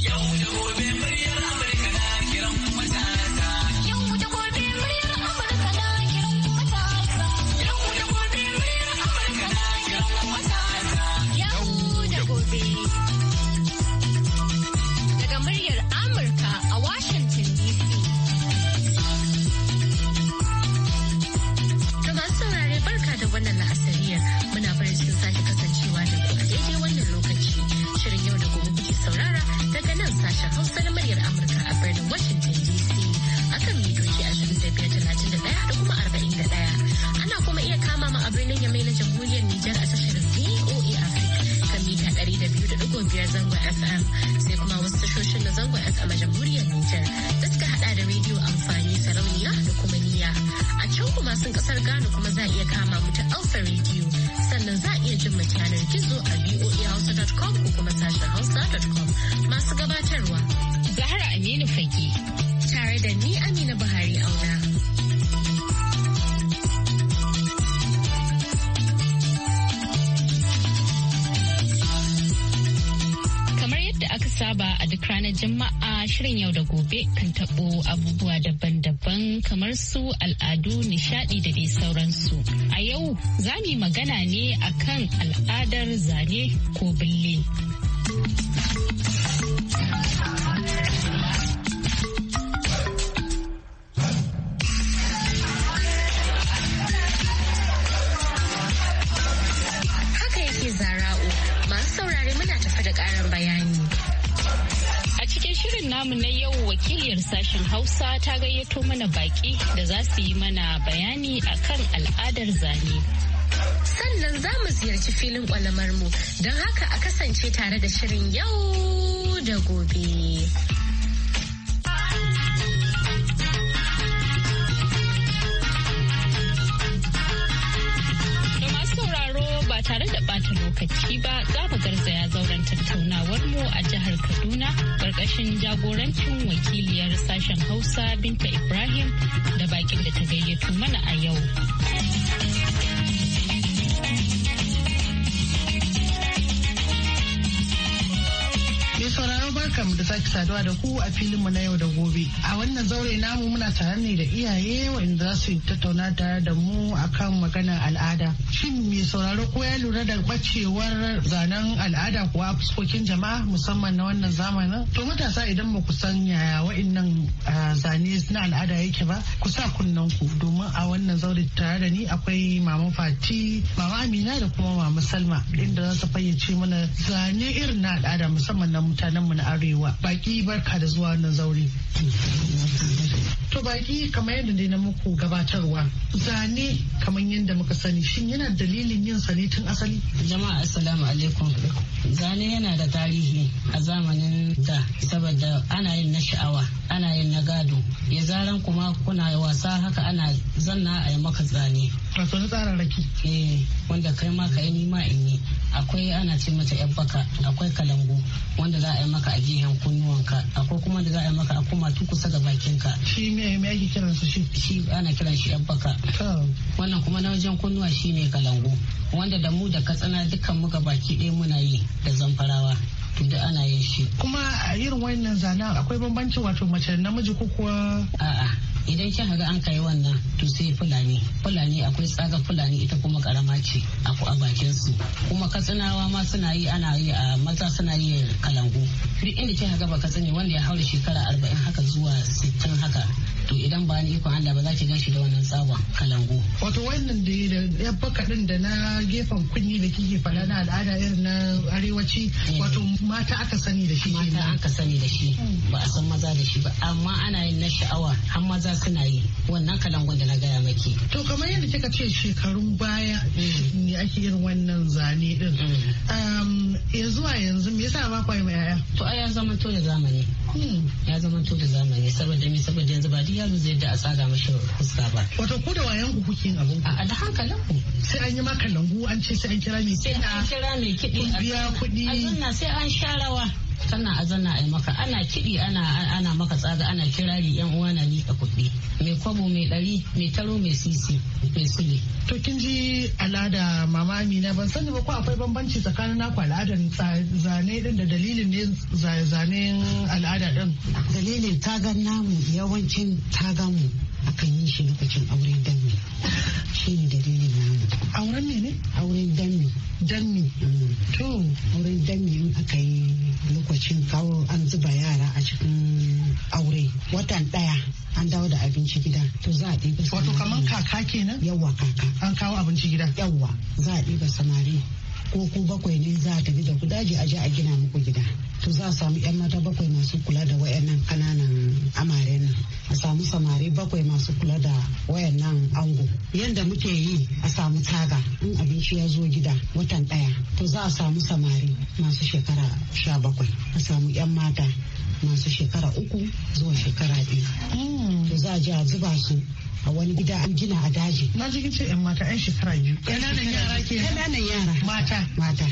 Yo. mu ta Alfa Radio sannan za a iya jin mu yanar gizo a voahausa.com ko kuma sashen hausa.com masu gabatarwa. Zahra Aminu Fage tare da ni Amina Buhari auna. kamar yadda aka saba a duk ranar Juma'a shirin yau da gobe kan taɓo abubuwa daban-daban kamar su al'adu, nishaɗi da dai sauransu. A yau za mu yi magana ne akan al'adar zane ko bille. namu na yau wakiliyar sashen Hausa ta gayyato mana baki da za su yi mana bayani akan al'adar zane. Sannan za mu ziyarci filin kwalamar mu don haka a kasance tare da shirin yau da gobe. tare da bata lokaci ba za mu garzaya zauren tattaunawar mu a jihar Kaduna ƙarƙashin jagorancin wakiliyar sashen Hausa Binta Ibrahim da bakin da ta gayyato mana a yau. barkamu da sake saduwa da ku a filin mu na yau da gobe. A wannan zaure namu muna tare ne da iyaye wanda za su tattauna tare da mu akan magana al'ada. Shin mai sauraro ko ya lura da bacewar zanen al'ada kuwa a fuskokin jama'a musamman na wannan zamanin? To matasa idan ba ku san yaya wa'innan zane na al'ada yake ba ku sa kunnen ku domin a wannan zaure tare da ni akwai mama Fati, mama Amina da kuma mama Salma inda za su fayyace mana zane irin na al'ada musamman na mu na arewa baki barka da zuwa na zaure to baki kamar yadda dai na muku gabatarwa zane kamar yadda muka sani shin yana dalilin yin sani tun asali jama'a assalamu alaikum zane yana da tarihi a zamanin da saboda ana yin na sha'awa ana yin na gado ya zaran kuma kuna wasa haka ana zanna a yi maka zane wato na tsararraki eh wanda kai ma ka yi nima in yi akwai ana ce mata yan baka akwai kalangu wanda za a yi maka a gehen kunnuwanka akwai kuma da za a yi maka a kuma tu kusa ga bakinka shi me me ake kiran su shi shi ana kiran shi yan baka wannan kuma na wajen kunnuwa shi ne kalangu wanda da mu da katsina dukkan mu ga baki ɗaya muna yi da zamfarawa da ana yin shi. Kuma a irin wannan zanen akwai bambancin wato mace namiji ko kuwa? A'a idan kin haga an kai wannan to sai fulani fulani akwai tsaga fulani ita kuma karama ce aku a bakin su kuma katsinawa ma suna yi ana yi a maza suna yi kalangu duk inda kin haga baka sani wanda ya haura shekara arba'in haka zuwa sittin haka to idan ba ni ikon Allah ba za ki gashi da wannan tsaba kalango. Wato wannan da ya baka din da na gefen kunni da kike fada na al'ada irin na arewaci eh. wato mata aka sani da shi. Mata aka sani da shi hmm. ba a san maza da shi ba amma ana yin na sha'awa har maza suna yi wannan kalangon da na gaya maki. To kamar yadda kika ce shekarun baya hmm. ne ake irin wannan zane din. Hmm. Ya zuwa yanzu me yasa ba kwai yi yaya? To a ya zama to da zamani. Ya zama to da zamani saboda me saboda yanzu ba yaro zai da a tsaga mashi fuska ba. Wato ku da wayan ku kuke yin abun ku. A da hankalin ku. Sai an yi maka langu an ce sai an kira mai kiɗa. Sai an kira mai kiɗi. Kun biya kuɗi. A sai an sha rawa. Tana azana a maka ana kiɗi ana ana maka tsaga ana kirari yan uwa na nika kuɗi mai kwabo mai ɗari mai taro mai sisi mai sule. to kin ji al'ada mama amina ban sani ba ko akwai bambanci tsakanin naku al'adar zane ɗin da dalilin ne zanen al'ada ɗin. dalilin tagan namu yawancin tagan mu akan yi shi lokacin auren danmi shi ne dalilin namu auren ne ne auren danmi danmi mm. to auren danmi in aka yi lokacin kawo an zuba yara a cikin aure watan daya an dawo da abinci gida to za a ɗiba wato kamar kaka kenan yawa kaka an kawo abinci gida yawa za a ɗiba samari ko ku bakwai ne za a tafi da ku daji a je a gina muku gida to za a samu yan mata bakwai masu kula da wayannan kananan amare nan a samu samari bakwai masu kula da wayannan ango yanda muke yi a samu taga in abinci ya zo gida watan daya to za a samu samari masu shekara sha bakwai a samu yan mata masu shekara uku zuwa shekara biyu. Hmm. To za a je a zuba su a wani gida an gina a daji. Na ji ce yan mata yan shekara biyu. Ƙananan yara ke. Ƙananan yara. Mata. Mata.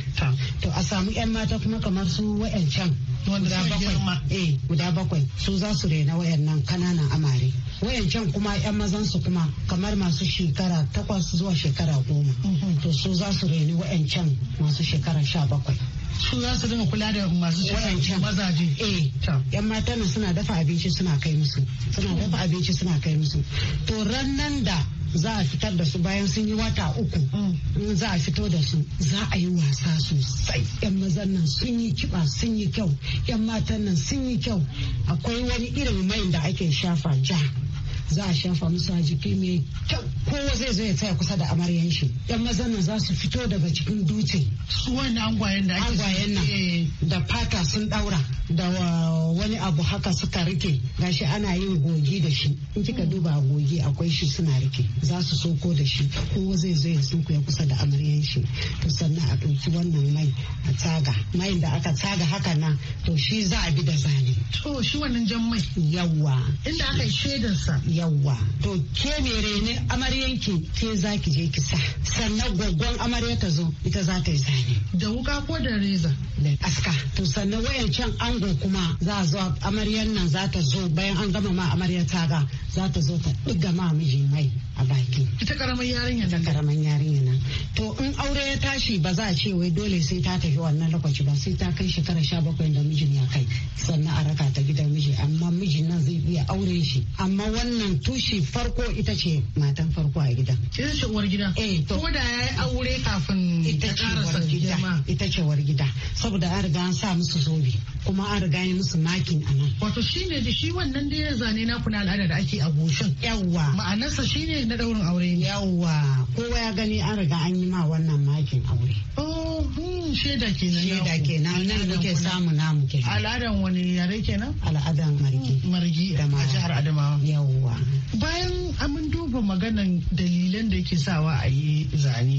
To a samu yan mata kuma kamar su wa'ancan. Guda bakwai. Eh guda bakwai. Su za su rena wayannan kananan amare. Wayancan kuma yan mazan su kuma kamar masu shekara takwas zuwa shekara goma. Mhm. To su za su raini wayancan masu shekara sha bakwai. su za su dinga kula da masu cikin mazaje eh yan matan suna dafa abinci suna kai musu suna dafa abinci suna kai musu to ran da za a fitar da su bayan sun yi wata uku mm. za a fito da su za a yi wasa sosai yan mazan nan sun yi kiba sun yi kyau yan matan nan sun yi kyau akwai wani irin mai da ake shafa ja za a shafa musu a jiki mai kyau kowa zai zo ya tsaya kusa da amaryan shi yan mazan nan za su fito daga cikin dutse su wani angwayen da ake nan eh. da fata sun daura da wani abu haka suka rike gashi ana yin gogi da shi in kika duba a gogi akwai shi suna rike za su soko da shi kowa zai zo ya sunkuya kusa da amaryan shi to sannan a ɗauki wannan mai a taga mai da aka taga haka nan to shi za a bi da zane to shi wannan jan mai yawa inda aka yi shaidarsa yawwa to ke mere ne amaryanki ke za ki je ki sa sannan gwaggon amarya ta zo ita za ta yi zane da wuka ko da reza da aska to sannan wayancan ango kuma za a zo amaryan nan za ta zo bayan an gama ma amarya ta ga za ta zo ta diga ma miji mai a baki ita karamar yarinya ita karamar yarinya nan to in aure ya tashi ba za a ce wai dole sai ta tafi wannan lokaci ba sai ta kai shekara sha bakwai da mijin ya kai sannan a raka ta gidan miji amma mijin nan zai iya auren shi amma wannan tushe farko ita ce matan farko a gidan ita ce uwar gida eh to ko da yi aure kafin ita ce uwar gida ita ce uwar gida saboda an riga an sa musu zobe kuma an riga yi musu makin a nan wato shine da shi wannan da ya zane na kuna al'ada da ake a goshin yawwa ma'anarsa shine na daurin aure ne. yawwa kowa ya gani an riga an yi ma wannan makin aure oh hmm, sheda kenan sheda ke nan muke samu namu kenan al'adan wani yare kenan al'adan margi hmm, margi a jihar adamawa yawwa bayan amin duba maganan dalilan da yake sawa a yi zane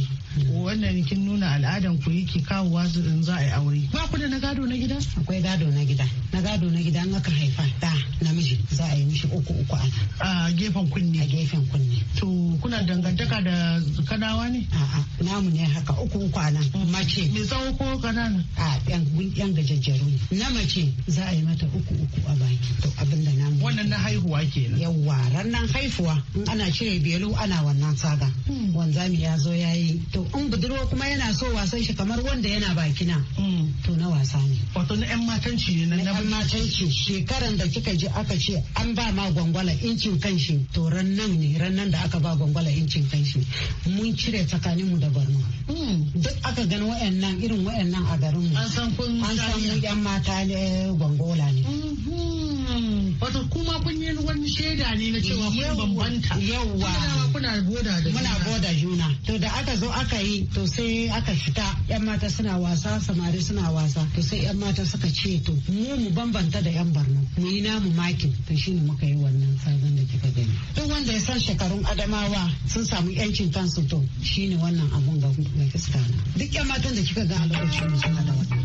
wannan kin nuna al'adan ku yake kawowa in za a yi aure ba ku da na gado na gida akwai gado na gida na gado na gida an aka haifa da namiji za a yi mishi uku uku ana a gefen kunne a gefen kunne To kuna dangantaka da kanawa ne? A'a, namu ne haka uku kwana Mace. Me tsawo ko kanana? A yan yan gajajjaru. Na mace za a yi mata uku uku a baki. To abin da namu. Wannan na haihuwa kenan. Yawwa, ranar haihuwa in ana cire belu ana wannan saga. Hmm. Wanzami ya zo ya yi. To in budurwa kuma yana so wasan shi kamar wanda yana baki na hmm. To na wasa ne. Wato na 'yan matanci ne na 'yan matanci. Shekaran da kika ji aka ce an ba ma gwangwala incin kanshi to ran nan ne ran nan da aka ba gwangwala incin kanshi mun cire tsakanin mu da barno hmm. duk aka gani wayannan irin wayannan a garin mu an san mu yan mata ne gwangwala ne mhm. kuma kun yi wani shaida ne na cewa mun bambanta yawwa kuna boda da muna boda juna to da aka zo aka yi to sai aka fita yan mata suna wasa samari suna wasa to sai yan mata suka ce to mu mu bambanta da yan barno mu yi namu makin to shine muka yi wannan sabon da kika gani duk wanda ya san shekarun adamawa sun samu yancin kansu to shine wannan abun ga fuska na duk yan matan da kika ga a lokacin suna da wannan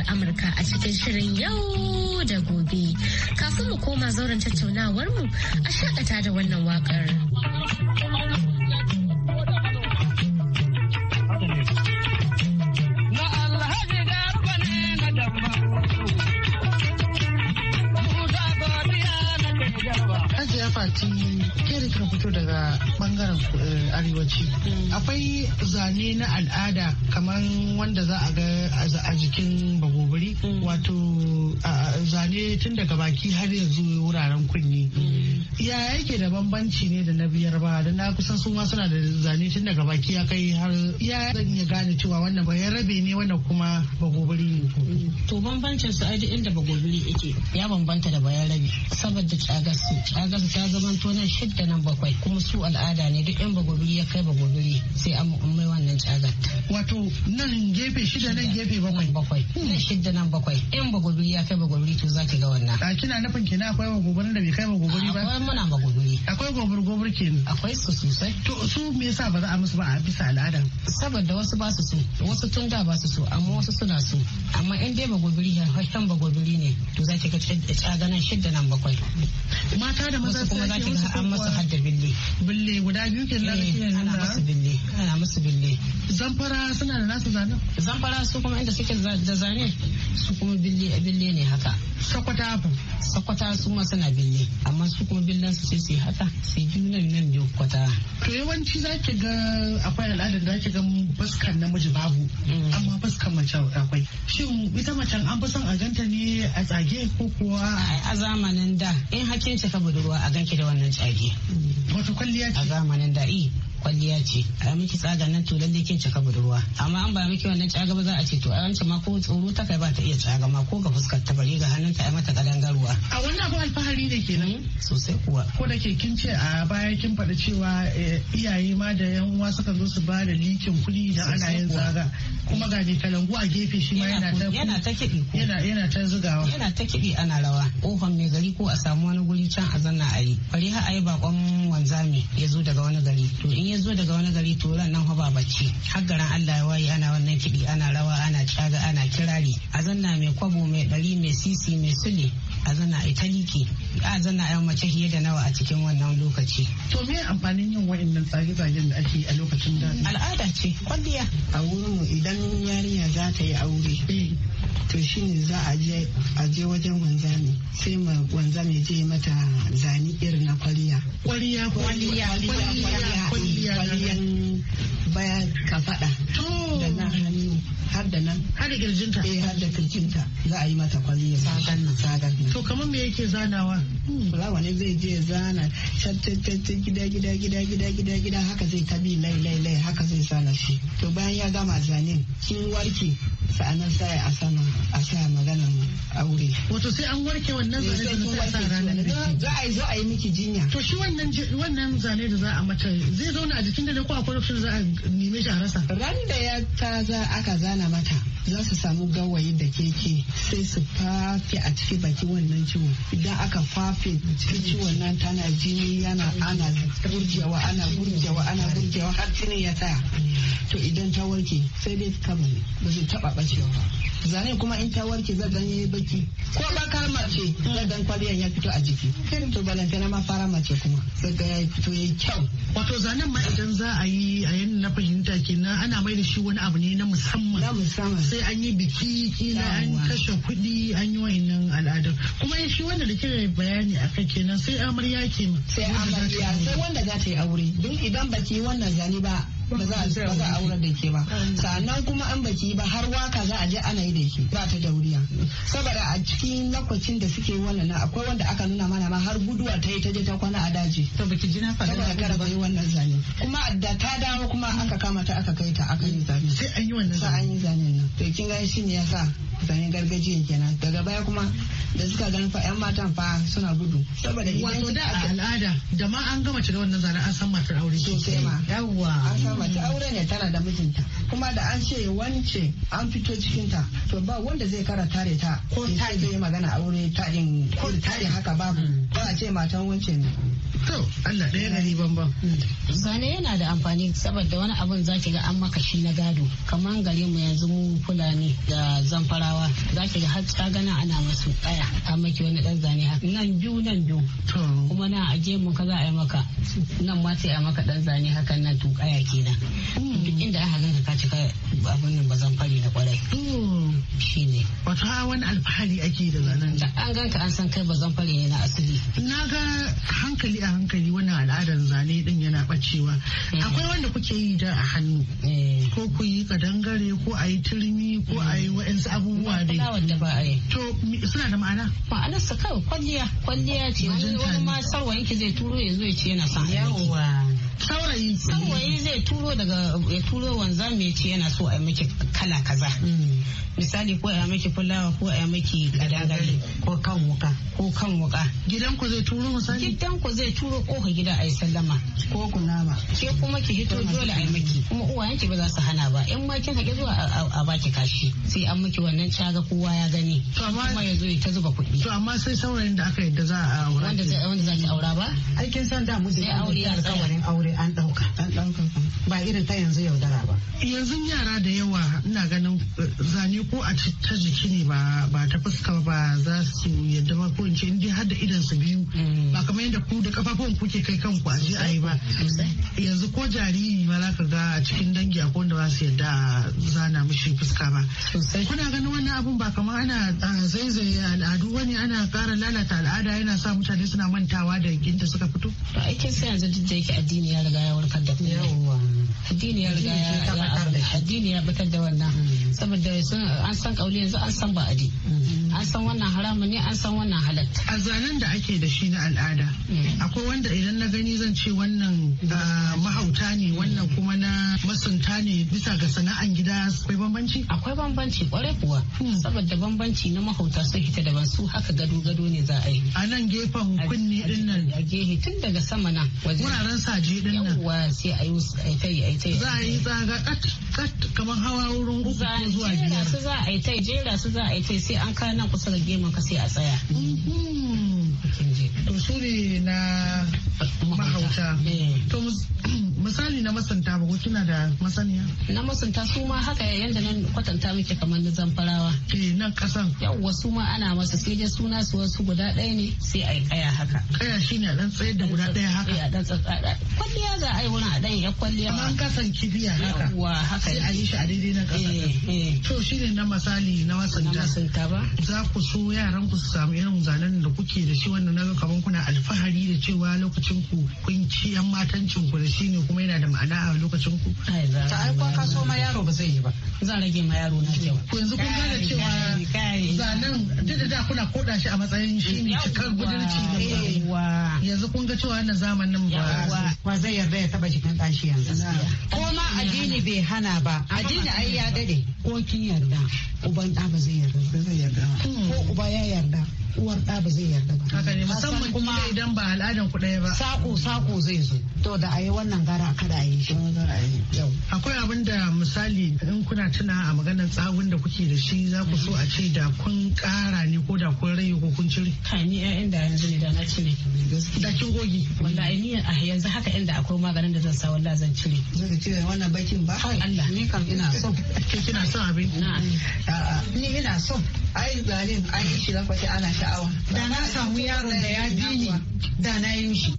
muryar Amurka a cikin shirin yau da gobe. Kafin mu koma zauren tattaunawar mu a shakata da wannan wakar. fito daga bangaren eh, arewaci akwai zane na al'ada kamar wanda za a ga a jikin to je eh, tun daga baki har yanzu wuraren kunni mm. ya yake da bambanci ne da na biyar ba da na kusan su ma suna da zane tun daga baki ya kai har ya zan iya gane cewa wannan ba ya rabe ne wannan kuma bagobiri ne to bambancin su aji inda bagobiri yake ya bambanta da bayan rabe saboda cagarsu cagarsu ta zamanto nan shidda nan bakwai kuma su al'ada ne duk yan bagobiri ya kai bagobiri sai an mai wannan cagar wato nan gefe shida nan gefe bakwai bakwai nan shidda nan bakwai yan bagobiri ya kai bagobiri to za ki ga wannan. A kina nufin kenan akwai gogobar da bai kai wa gogori ba? Akwai muna magogori. Akwai gobar gobor kenan. Akwai su sosai. To su me yasa ba za a musu ba a bisa al'ada? Saboda wasu ba su so, wasu tun da ba su so, amma wasu suna so. Amma in dai magogori ya hakan magogori ne, to za ki ga caganan shidda nan bakwai. Mata da maza kuma za ki ga an masu hadda bille. Bille guda biyu kenan da ke eh, ana musu bille, ana musu bille. Zamfara suna da nasu zanen? Zamfara su kuma inda suke da zane su kuma bille ne haka. sakwata ba sakwata su ma suna bille amma su kuma billan su sai su haka sai junan nan biyu kwata to yawanci za ki ga akwai al'adar da ki ga baskan namiji babu mm. amma baskan mace akwai shin ita macen an fi son a ganta ne a tsage ko kuwa a zamanin da in hakin ka budurwa a ganki da wannan tsage wato kwalliya a zamanin da i kwalliya ce a miki tsaga nan to lalle kin cika budurwa amma an ba miki wannan tsaga ba za a ce to a wancan ma ko tsoro ta kai ba ta iya tsaga ma ko ga fuskar ta bare ga hannun ta ai mata kadangarwa a wannan abu alfahari ne kenan hmm, sosai kuwa ko da ke kin ce a baya kin faɗa cewa eh, iyaye ma da yan uwa suka zo su ba da likin kuɗi da ana yin tsaga kuma ga ne kalangu a gefe shi ma yana ta kiɗi yana ta zugawa yana ta kiɗi ana rawa kofan mai gari ko a samu wani guri can a zanna a yi bari har a yi bakon wanzami ya zo daga wani gari to in ya zo daga wani gari to ran nan ba bacci har garin Allah ya waye ana wannan kiɗi ana rawa ana caga ana kirari a zanna mai kwabo mai ɗari mai sisi mai sule a zana a ta liƙe a zana a mace fiye da nawa a cikin wannan lokaci. To me amfanin yin wa'annan tsage-tsagen da ake a lokacin da? Al'ada ce kwalliya. A wurin idan yarinya za ta yi aure. Eh. To shi ne za a je wajen wanzami sai ma wanzami je mata zani irin na kwalliya. Kwalliya kwalliya kwalliya kwalliya bayan fada. da na hannu har da nan har da kirjinta eh har da kirjinta za a yi mata kwalliya sagan nan sagan nan to kamar me yake zanawa hmm, fulawa ne zai je zana tattattatta gida gida gida gida gida gida haka zai tabi lai lai lai haka zai sana shi to bayan ya gama zanen kin warke sa'anan sai a sama a sa maganan aure wato sai an warke wannan eh, zane da za a ranar za a yi zo a yi miki jinya to shi wannan wannan zane da za a mata zai zauna a jikin da ko akwai za a nemi shi a rasa ran da ya ta za aka zana mata za su samu gawayi da keke sai su fafe a ciki baki wannan ciwo idan aka fafe cikin ciwon nan tana jini yana ana gurjewa ana gurjewa ana gurjewa har jini ya tsaya to idan ta warke sai dai kama ne ba su taba bacewa ba zane kuma in ta warke zan dan yi baki ko bakar mace zan dan kwaliyan ya fito a jiki sai to balanta na ma fara mace kuma sai ga ya fito yayi kyau wato zanen ma idan za a yi a yin na fahimta kenan ana mai da shi wani abu ne na musamman na musamman sai an yi biki kila an kashe kuɗi an yi wayannan al'adar. kuma shi wanda da kike bayani akai kenan sai amarya ke sai amarya sai wanda za ta yi aure don idan baki wannan zane ba ba za a aure da ke ba sannan kuma an baki ba har waka za a je ana yi da ke ba ta dauriya saboda a cikin lokacin da suke wannan akwai wanda aka nuna mana ma har guduwa ta yi ta je ta kwana a daji saboda kada ba yi wannan zane kuma da ta dawo kuma aka kama ta aka kai ta aka yi zane sai an yi wannan sai an yi zane nan to kin ga shi ne yasa sayan gargajiyan kenan daga baya kuma da suka gani fa yan matan fa suna gudu saboda wato da a al'ada da ma an gama cire wannan zaren an san matar aure sosai ma yawwa an san matar aure ne tana da mijinta kuma da an ce wance an fito cikin ta to ba wanda zai kara tare ta ko ta yi magana aure ta din ko ta haka babu mm. ba a ce matan wance ne To, Allah ɗaya gari bamban. Zane yana da amfani saboda wani abun za ki ga an maka shi na gado. kaman gari mu yanzu mu Fulani da Zamfarawa za ki ga har tsagana ana masu ɗaya an maki wani ɗan zane haka. Nan biyu nan biyu. Kuma na aje mu ka za a yi maka. Nan ma sai a maka ɗan zane haka nan tuƙaya kenan. Hmm. Duk inda aka ganka ka cika abin nan ba zan fari na kwarai. Shi ne. Wato wani alfahari ake da zanen. An ganka an san kai ba zan fari ne na asali. Na ga hankali a hankali wani al'adar zane din yana bacewa mm. akwai wanda kuke yi da a hannu mm. ko ku yi kadangare ko a yi turmi ko a yi mm. wa'insu abubuwa dai to suna da ma'ana ma'anarsa kawai kwalliya kwalliya ce wani ma sarwa yake zai turo ya zo ya ce yana saurayi saurayi zai turo daga ya turo wanza mai ce yana so a miki kala kaza mm. misali ko a miki fulawa ko a miki kadagari ko kan wuka ko kan wuka gidan ku zai turo misali gidan ku zai turo ko ka gida yi sallama ko nama ke kuma ki hito dole a miki kuma uwayen ki ba za su hana ba in ma kin haƙi zuwa a baki kashi sai an miki wannan caga kowa ya gani kuma ya zo ya ta zuba kuɗi to amma sai saurayin da aka yadda za a aura wanda za ki aura ba aikin san da mu zai aure alƙawarin aure ne an ɗauka. An ɗauka. Ba irin ta yanzu yaudara ba. Yanzu yara da yawa ina ganin eh, zane ko a ta jiki ne ba ba ta fuska ba za su yadda ba ko in ce indai har da idan su biyu. Mm. Ba kamar yadda ku da kafafun kuke kai kanku a je a yi ba. Yanzu ko jariri ba za ka ga a cikin dangi akwai wanda ba su yadda a zana mishi fuska ba. Kuna ganin wannan abun ba kamar ana zaizaye al'adu wani ana kara lalata al'ada yana sa mutane suna mantawa da yankin da suka fito. Ba ake sai yanzu duk da yake addini ya riga ya warkar da ku. addini ya riga ya addini ya batar da wannan saboda an san kauli yanzu an san ba'adi mm. an san wannan haramun ne an san wannan halatta a zanen da ake da shi na al'ada mm. akwai wanda idan na gani zan ce wannan mm. ah, mahauta ne wannan kuma na masunta ne bisa ga sana'an gida akwai bambanci akwai bambanci kwarai kuwa saboda bambanci na mahauta sun hita daban su haka gado gado ne za a yi a nan gefen kunne din nan a gehe tun daga sama nan wuraren saje din nan yawwa sai a yi yi a ita za a yi zaga kat kamar hawa wurin uku ko zuwa biyar su za a yi ta jera su za a yi ta sai an kana nan kusa da gemun ka sai a tsaya mhm. to su ne na mahauta eh. to misali na masanta ba kina da masaniya na masanta su ma haka yadda nan kwatanta muke kamar na zamfarawa eh nan kasan yawwa su ma ana masa sai dai suna su wasu guda ɗaya ne sai a yi kaya haka kaya shine a dan tsayar da guda ɗaya haka eh, a dan tsatsada kwalliya za a yi wurin a dan ya kwalliya amma kasan kibiya haka yawwa haka sai a yi shi a daidai na kasan eh, eh. to shine na misali na masanta na masanta ba za ku so yaran ku su samu irin zanen da kuke da shi wannan naga kaman kuna alfahari da cewa lokacin ku kun ci yan matancin ku da shi ne kuma yana da ma'ana a lokacin ku ta aiko ka so ma yaro ba zai yi ba zan rage ma yaro na cewa. ku yanzu kun gane cewa zanen duk da da kuna koda shi a matsayin shi ne cikar budurci yanzu kun ga cewa wannan zamanin ba ba zai yarda ya taba jikin ɗashi yanzu ko ma addini bai hana ba addini ai ya dade ko kin yarda uban ɗa ba zai yarda hmm. ko uba ya yarda uwar ɗa ba zai yarda ba. Haka ne musamman kuma idan ba al'adan ku ɗaya ba. Sako sako zai zo. To da a yi wannan gara kada a yi shi. Akwai abin da misali in kuna tuna a maganar tsawon da kuke da shi za ku so a ce da kun ƙara ne ko da kun rage ko kun cire. Ka ni ƴaƴan da yanzu ne da na cire. Da kin gogi. Wallahi ni a yanzu haka inda akwai maganin da zan sa wallahi zan cire. Zan cire wannan bakin ba. Allah ni kam ina so. Kina son abin? Na'am. ni ina so. Ai zalim ai shi lafashi ana sha'awa da na samu yaron da ya bi ni da na yi shi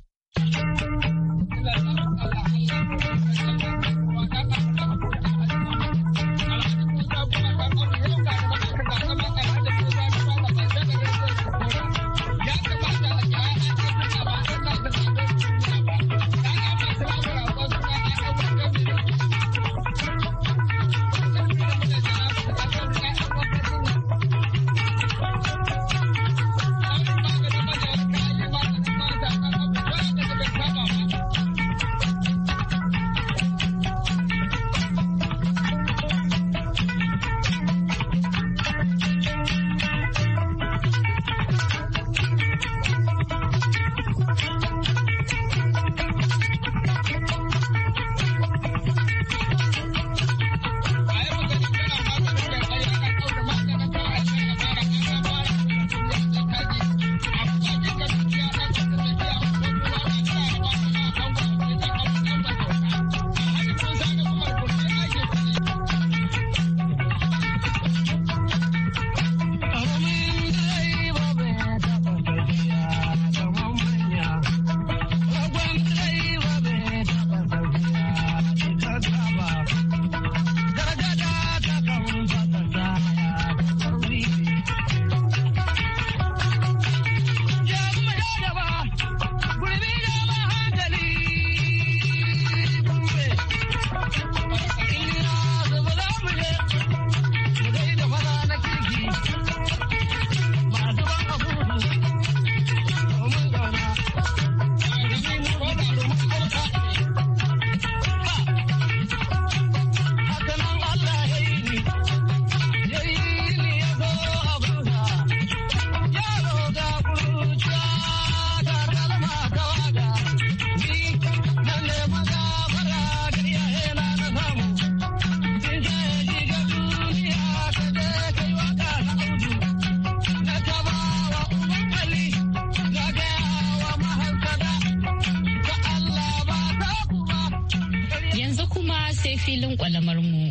filin kwalamar mu.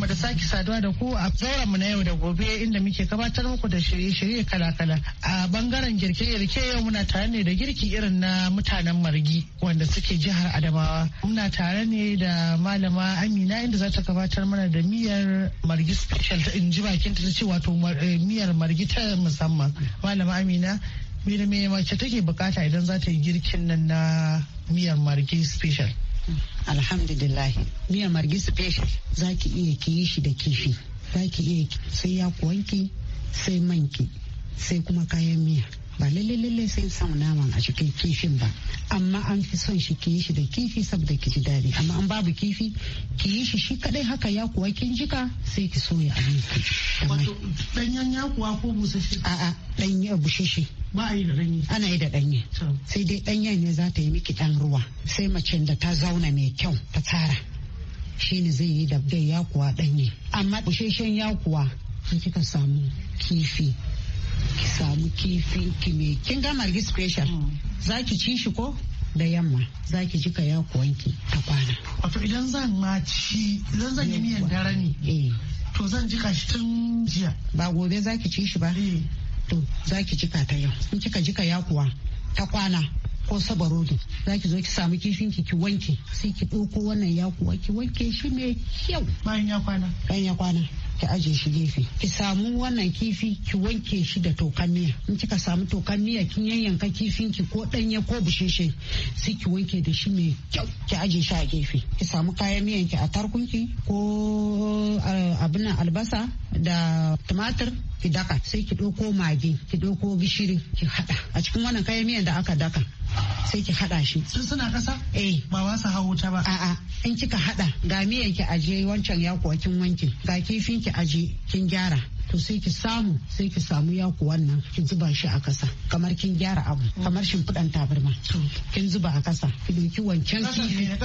mu da sake saduwa da ku a mu na yau da gobe inda muke gabatar muku da shirye-shirye kala-kala a bangaren girke-girke yau muna tare ne da girki irin na mutanen margi wanda suke jihar adamawa muna tare ne da malama amina inda za ta gabatar mana da miyar margi special in ji bakin ta ce wato eh, miyar margi ta musamman malama amina mire me mace take bukata idan za ta yi girkin nan na miyar margi special alhamdulillah miyar margi special za ki iya ki yi shi da kifi za ki iya sai ya kuwanki sai manki sai kuma kayan miya ba lalle lalle sai samu naman a cikin kifin ba amma an fi son shi ki yi shi da kifi saboda ki ji daɗi amma an babu kifi ki yi shi shi kadai haka ya kuwa kin jika sai ki soya nan Wato danyen ya kuwa ko busasshe? A'a ya bushashe. ba a yi da ɗanye ana yi da ɗanye sai dai ɗanyen ne za ta yi miki ɗan ruwa sai mace da ta zauna mai kyau ta tsara shi ne zai yi da kuwa ɗanye amma busheshen ya sai kika samu kifi ki samu kifin ki me kin ga margis special mm. za ki ci shi ko da yamma za ki ji ka ya kuwanki ta kwana. Wato idan zan ma ci idan zan yi miyan dare ne. Eh. To zan jika shi tun jiya. Ba gobe za ki ci shi ba. Eh. To za ki jika ta yau. In kika jika yakuwa ta kwana ko sabarodo za ki zo ki samu kifin ki ki wanke sai ki ɗauko wannan yakuwa ki wanke shi mai kyau. Bayan ya kwana. Bayan ya kwana. ki aje shi gefe ki samu wannan kifi ki wanke shi da tokan miya in kika samu tokan miya kin yanyanka kifin ki ko danye ko busheshe sai ki wanke da shi mai kyau ki aje shi a gefe ki samu kayan miyan ki a tarkunki ko eh, abin albasa da tumatir ki daka sai ki ɗauko magi ki ɗauko gishiri ki haɗa a cikin wannan kayan miyan da aka daka sai ki haɗa shi sun suna ƙasa eh ba wa su hau ta ba a'a in kika haɗa ga miyan ki aje wancan ya kuwa kin wanke ga kifin ki aje kin gyara to sai ki samu sai ki samu yaku wannan ki zuba shi a kasa kamar kin gyara abu kamar shimfiɗan tabarma kin zuba a kasa ki ɗauki wancan kifi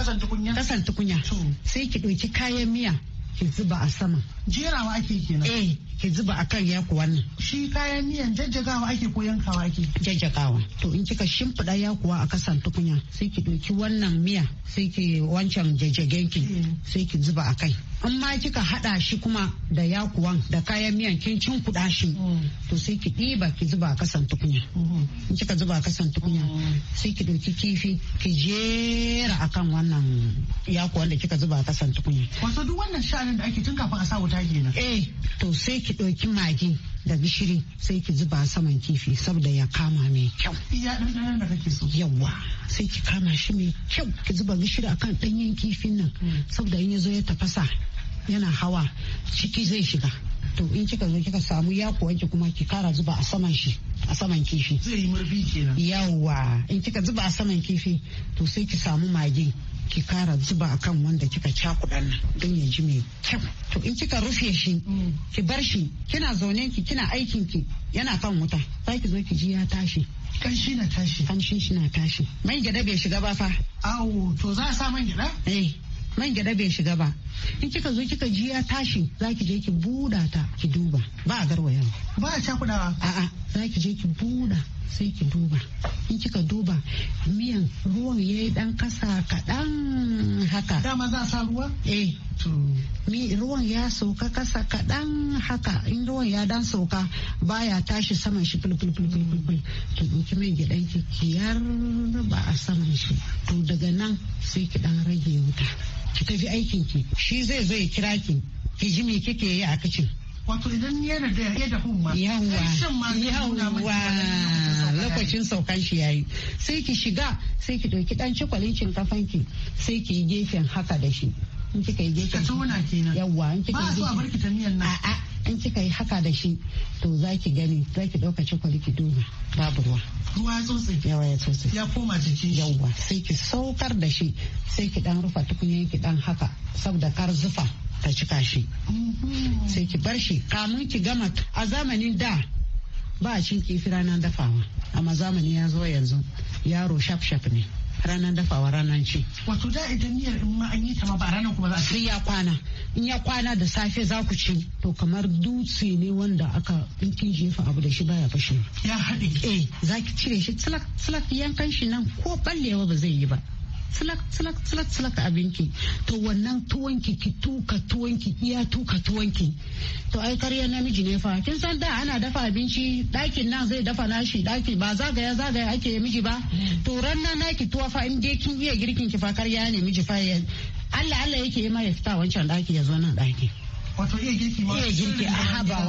kasan tukunya sai ki ɗauki kayan miya ki zuba a sama jerawa ake kenan eh ki zuba a kan yaku wannan. Shi kayan miyan jajjagawa ake ko yankawa ake? Jajjagawa. To in kika shimfiɗa yakuwa a ƙasan tukunya sai ki ɗauki wannan miya sai ki wancan jajjagen ki hmm. sai ki zuba a kai. In ma kika haɗa shi kuma da yakuwan da kayan miyan kin cin kuɗa shi hmm. to sai ki ɗiba ki zuba a ƙasan tukunya. Hmm. In kika zuba a ƙasan tukunya sai ki ɗauki kifi ki jera a kan wannan yakuwan da kika zuba a ƙasan tukunya. Wato duk wannan sha'anin da ake tun kafin a sa wuta kenan. Eh to sai ki ɗauki mage da gishiri sai ki zuba saman kifi saboda ya kama mai kyau. Iya ɗanɗanon da kake so. Yawwa sai ki kama shi mai kyau ki zuba gishiri akan ɗanyen kifin nan mm. saboda in ya zo ya tafasa yana hawa ciki zai shiga. To in kika zo kika samu ya kuwanki kuma ki kara zuba a saman shi. a saman kifi zai yi murfi kenan yawa in kika zuba a saman kifi to sai ki samu mage ki kara zuba a kan wanda kika cakuɗa nan don ya ji mai kyau to in kika rufe shi mm. ki bar shi kina zaune ki kina aikin ki yana kan wuta za ki zo ki ji ya tashi kanshi na tashi kanshi shi na tashi mai gyada bai shiga ba fa awo to za a sa man gyada eh man gyada bai shiga ba in kika zo kika ji ya tashi za ki je ki buɗa ta ki duba ba a garwaya ba a cakudawa a'a za ki je ki buɗa sai ki duba in kika duba miyan ruwan ya yi dan kasa kaɗan haka dama za a sa ruwa eh mi ruwan ya sauka kasa kaɗan haka in ruwan ya dan sauka baya tashi saman shi fulfulfulfulful ki saman shi to daga nan sai ki ɗan rage wuta ki tafi aikin ki shi zai zo ya kira ki ki ji me kike yi a kicin wato idan ni ya da ya da humma yawwa yawwa lokacin saukan shi yayi sai ki shiga sai ki ɗauki ɗan cikwalin shinkafan sai ki yi gefen haka da shi in kika yi gefen shi tona kenan yawa in kika yi ba so a miyan nan a in kika yi haka da shi to za ki gani ki dauka cokali ki duba babu ruwa ruwa ya tsotse yawa ya tsotse ya koma jikin shi yawa sai ki saukar da shi sai ki dan rufa tukunya ki dan haka saboda kar zufa ta cika shi mhm. sai ki bar shi kamun ki gama a zamanin da ba a cin kifi ranar dafawa amma zamani ya zo yanzu yaro shaf shaf ne ranar dafawa ranar ci. Wato da idan miyar in ma an yi ta ma ba ranar kuma za a Sai ya kwana. In ya kwana da safe za ku ci to kamar dutse ne wanda aka in kin jefa abu da shi baya fashe. Ya haɗe. Eh za ki cire shi tsalak tsalak yankan shi nan ko ballewa ba zai yi ba. tsilak tsilak tsilak abinki to wannan tuwonki ki tuka tuwonki iya tuka tuwonki to ai karya namiji ne fa kin san da ana dafa abinci dakin nan zai dafa nashi daki ba zagaya zagaya ake yi miji ba to ran na naki tuwa fa in dai kin iya girkin ki fa karya ne miji fa Allah Allah yake yi ma ya fita wancan daki ya zo nan daki. Wato iya girki ma. Iya girki a haba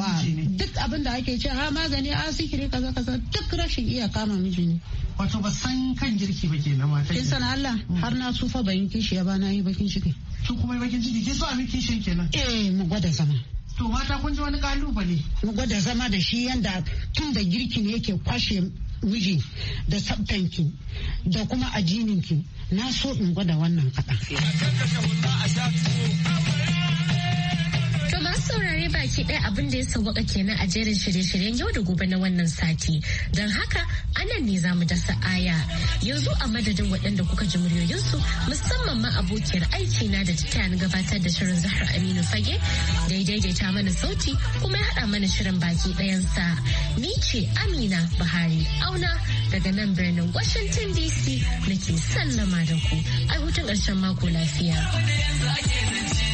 abin da ake ce a magani a sikiri kaza kaza duk rashin iya kama miji ne wato ba san kan girki ba ke ta mata kin san Allah mm. har na tsufa ban kishi ya ba na yi bakin ciki to kuma bakin ciki ke so a miki shin kenan eh mu gwada zama to mata kun ji wani kalubale mu gwada zama da shi yanda tun da girkin yake kwashe miji da tsaftanki da kuma ajininki na so in gwada wannan kaɗan. To masu saurare baki ɗaya abin da ya sauwaka kenan a jerin shirye-shiryen yau da gobe na wannan sati. Don haka anan ne za mu dasa aya. Yanzu a madadin waɗanda kuka ji muryoyinsu musamman ma abokiyar aiki na da ta gabatar da shirin Zahra Aminu Fage da ya mana sauti kuma ya haɗa mana shirin baki ɗayansa. Ni ce Amina Buhari auna daga nan birnin Washington DC nake sallama da ku. Ai hutun ƙarshen mako lafiya.